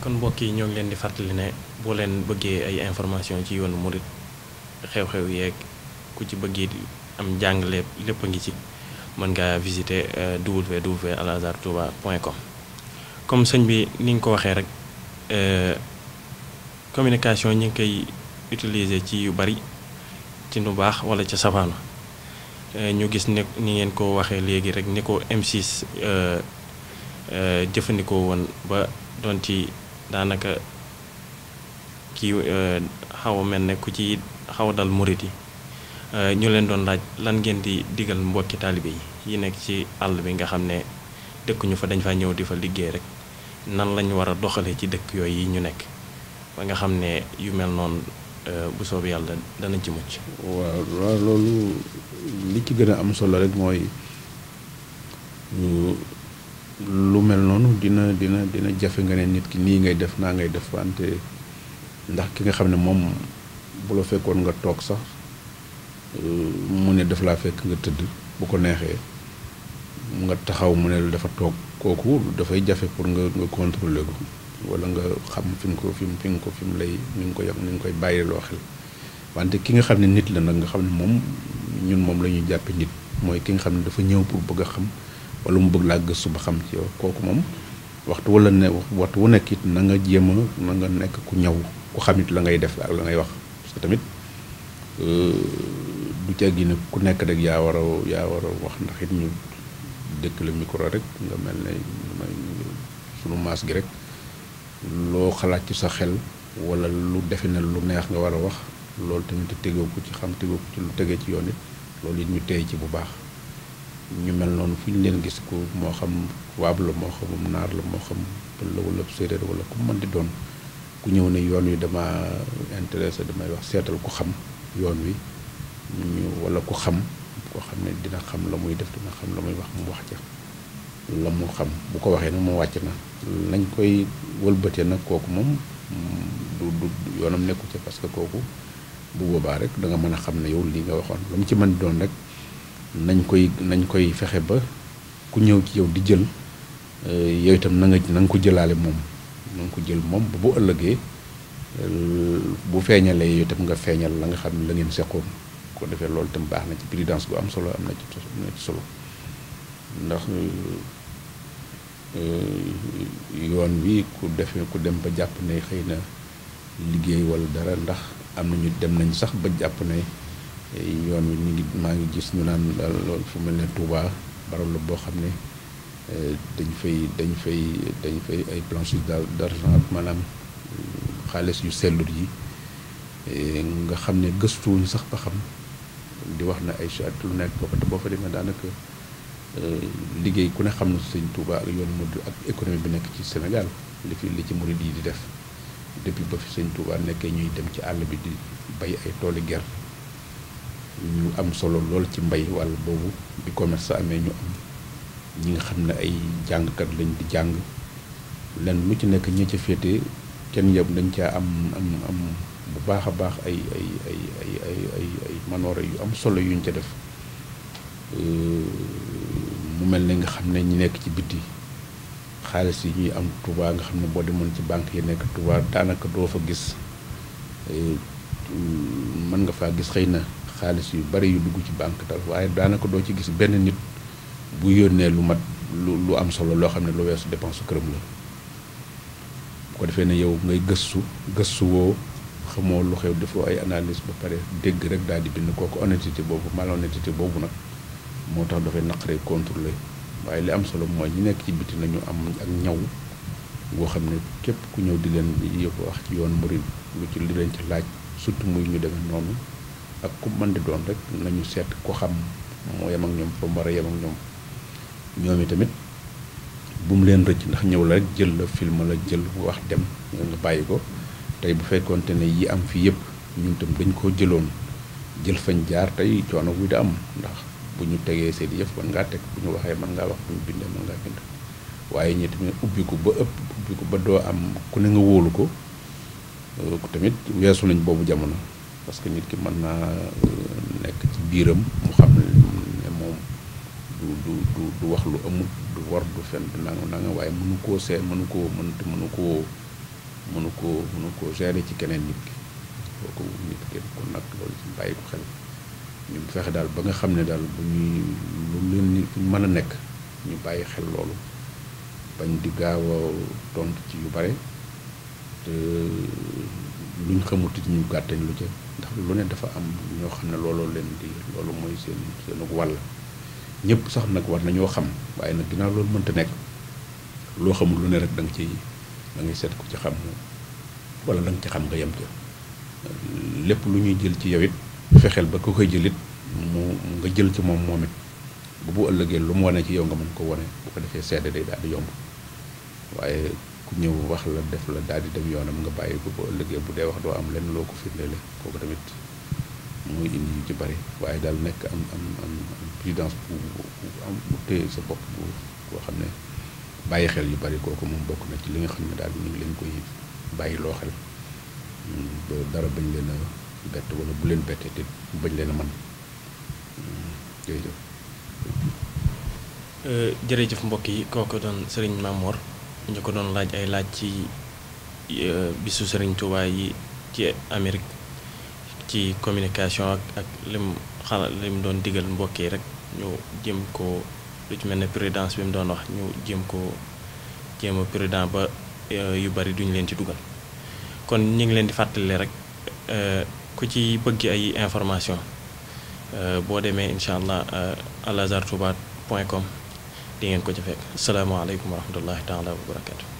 kon mbokk yi ñoo ngi leen di fàttali ne boo leen bëggee ay information ci yoonu murit xew-xew yeeg ku ci bëggee am jàngale lépp a ngi ci mën nga ngaa visiter euh, www.alazhartouba.com comme sëñ bi ni nga ko waxee rek euh, communication ñi ngi koy utiliser ci yu bari ci lu baax wala ca safaanu euh, ñu gis ne ni ngeen ko waxee léegi rek ni ko M6 Euh, jëfandikoo woon ba doon ci daanaka kii euh, xaw a mel ne ku ci xaw dal murit yi euh, ñu leen doon laaj lan ngeen di digal mbokki taalibe yi yi nekk ci àll bi nga xam ne dëkkuñu fa dañ fa ñëw di fa liggéey rek nan lañ war a doxalee ci dëkk yooyu yi ñu nekk ba nga xam ne yu mel noon bu soobee yàlla danañ ci mucc. waaw loolu li ci gën a am solo rek mooy lu mel noonu dina dina dina jafe nga ne nit ki nii ngay def naa ngay def wante ndax ki nga xam ne moom bu fekkoon nga toog sax euh, mu ne daf laa fekk nga tëdd bu ko neexee nga taxaw mu ne dafa toog kooku dafay jafe pour nga nga ko wala nga xam fi ko fi mu fi ko fi mu lay ni nga ko yàq ni koy bàyyiloo xel wante ki nga xam ne nit la nag nga xam ne moom ñun moom la ñuy jàppe nit mooy ki nga xam ne dafa ñëw pour bëgg a xam wala mu bëgg laa gëstu ba xam ci yow kooku moom waxtu walla ne waxtu wu nekk it na nga jéem a nekk ku ñaw ku xam it la ngay def ak la ngay wax parce que tamit euh, du càggi ne ku nekk rek yaa war a yaa war a wax ndax it ñu dëkk la micro rek nga mel ne sunu maas gi rek loo xalaat ci sa xel wala lu defe ne lu neex nga war a wax loolu tamit tegoo ci xam tegoo ci lu tegee ci yoon it loolu it ñu tey ci bu baax ñu mel noonu fu ñu leen gis ko moo xam waab la moo xamum naar la moo xam pël la wala séeréer wala ku man di doon ku ñëw ne yoon wi dama intéressé damay wax seetal ku xam yoon wi ñu walla ku xam koo xam ne dina xam la muy def dina xam la muy wax mu wax ca la mu xam bu ko waxee nag moom wàcc na lañ koy wëlbatee nag kooku moom du du yoonam nekku ca parce que kooku bu boobaa rek da nga mën a xam ne yow lii nga waxoon la mu ci mën doon rek nañ koy nañ koy fexe ba ku ñëw ci yow di jël eh, yow itam na nga na nga ko jëlaale moom na nga ko jël moom ba bu ëllëgee eh, bu feeñalee yow itam nga feeñal la nga xam la ngeen seqoon ko defee loolu itam baax na ci prudence bu am solo am na ci am na ci solo ndax eh, yoon wi ku defee ku dem ba jàpp ne xëy na liggéey walla dara ndax am na ñu dem nañ sax ba jàpp nay yoon wi ñu ngi maa ngi gis ñu naan daal loolu fu mel ne Touba barab la boo xam ne euh, dañ fay dañ fay dañ fay ay blanchis d'argent maanaam euh, xaalis yu sellut yi nga xam ne gëstuwuñ sax ba xam di wax na ay charte lu nekk boo fa demee daanaka euh, liggéey ku ne xam na sëñ Touba ak yoon mu ak économie bi nekk ci Sénégal li fi li ci murid yi di def depuis ba fi sëñ Touba nekkee ñuy dem ci àll bi di bay ay tooli gerte. ñu am solo lool ci mbay wàll boobu bi commerce amee ñu am ñi nga xam ne ay jàngkat lañ di jàng lenn mu ci nekk ñi ca féete kenn yëpp dañ caa am am am bu baax a baax ay ay ay ay ay ay ay yu am solo yuñ ca def mu mel ne nga xam ne ñu nekk ci biti xaalis yi ñuy am Touba nga xam ne boo demoon ci banque yi nekk Touba daanaka doo fa gis mën nga faa gis xëy na. xaalis yu bari yu dugg ci banque tal waaye daanaka doo ci gis benn nit bu yónnee lu mat lu lu am solo loo xam ne lu weesu dépense këram la bu ko defee ne yow ngay gëstu gëstu woo xamoo lu xew defoo ay analyse ba pare dégg rek daal di bind kooku honnêteté boobu malhonnêteté boobu nag moo tax dafay naqaree contrôler waaye li am solo mooy ñi nekk ci biti nañu am ak ñaw goo xam ne képp ku ñëw di leen ko wax ci yoon murid lu ci li leen ci laaj surtout muy ñu demee noonu ak ku mën di doon rek nañu seet ko xam moo yem ak ñoom fa mu war a ñoom ñoom tamit bu leen rëcc ndax ñëw la rek jël la film la jël wax dem nga bàyyi ko tey bu fekkonte ne yi am fii yëpp ñun tam dañ koo jëloon jël fañ jaar tey coono bu da am ndax bu ñu tegee seen yëf mën ngaa teg bu ñu waxee mën ngaa wax bu ñu bindee mën ngaa bind waaye ñi tamit ubbi ko ba ëpp ubbi ko ba doo am ku ne nga wóolu ko tamit weesu nañ boobu jamono. parce que nit ki mën naa euh, nekk ci biiram mu xam ne moom du du du wax lu amul du war du fen du nanga nanga waaye mënu koo seet mënu koo mën mënu koo mënu koo mënu koo gérer ci keneen nit ki kooku nit ki kon nag loolu ci bàyyi ko xel ñu fexe daal ba nga xam ne daal bu ñuy lu leen ni fu ñu mën a nekk ñu bàyyi xel loolu bañ di gaaw a tontu ci yu bare lu ñu xamut ñu gàttañ lu ca ndax lu ne dafa am ñoo xam ne looloo leen di loolu mooy seen seen wàll ñëpp sax nag war na ñoo xam waaye nag ginnaaw loolu mënta nekk loo xamul lu ne rek da nga ciy da seet ko ci xam wala da ci xam nga yem lépp lu ñuy jël ci yow it fexeel ba ko koy jëlit mu nga jël ci moom moom it bu bu ëllëgee lu mu wane ci yow nga mën ko wane bu ko defee sedd day daal di yomb waaye ku ñëw wax la def la daal di dem yoonam nga bàyyi ko ba ëllëgee bu dee wax doo am lenn loo ko firndeele kooku tamit mooy indi yu ci bari waaye daal nekk am am am prudence bu bu téye sa bopp bu koo xam ne bàyyi xel yu bari kooku moom bokk na ci li nga xam ne daal ñu leen koy bàyyi loo xel hmm, dara bañ leen a bett wala bu leen bettee te bañ leen a man hmm, euh, jërëjëf. mbokk yi kooku doon Serigne Mamor. ñu ko doon laaj ay laaj ci euh, bisu Serigne Touba yi ci Amérique ci communication ak ak lim xala lim doon digal mbokk yi rek ñu jëm ko lu ci mel ne prudence bi doon wax ñu jëm ko jéem a prudent ba euh, yu bari duñu leen ci dugal kon ñu ngi leen di fàttali rek euh, ku ci bëgg ay information boo demee incha allah alazhartouba point com di ngeen ko ca fekk salaamaaleykum wa rahmatullahi taala wa barakaatu.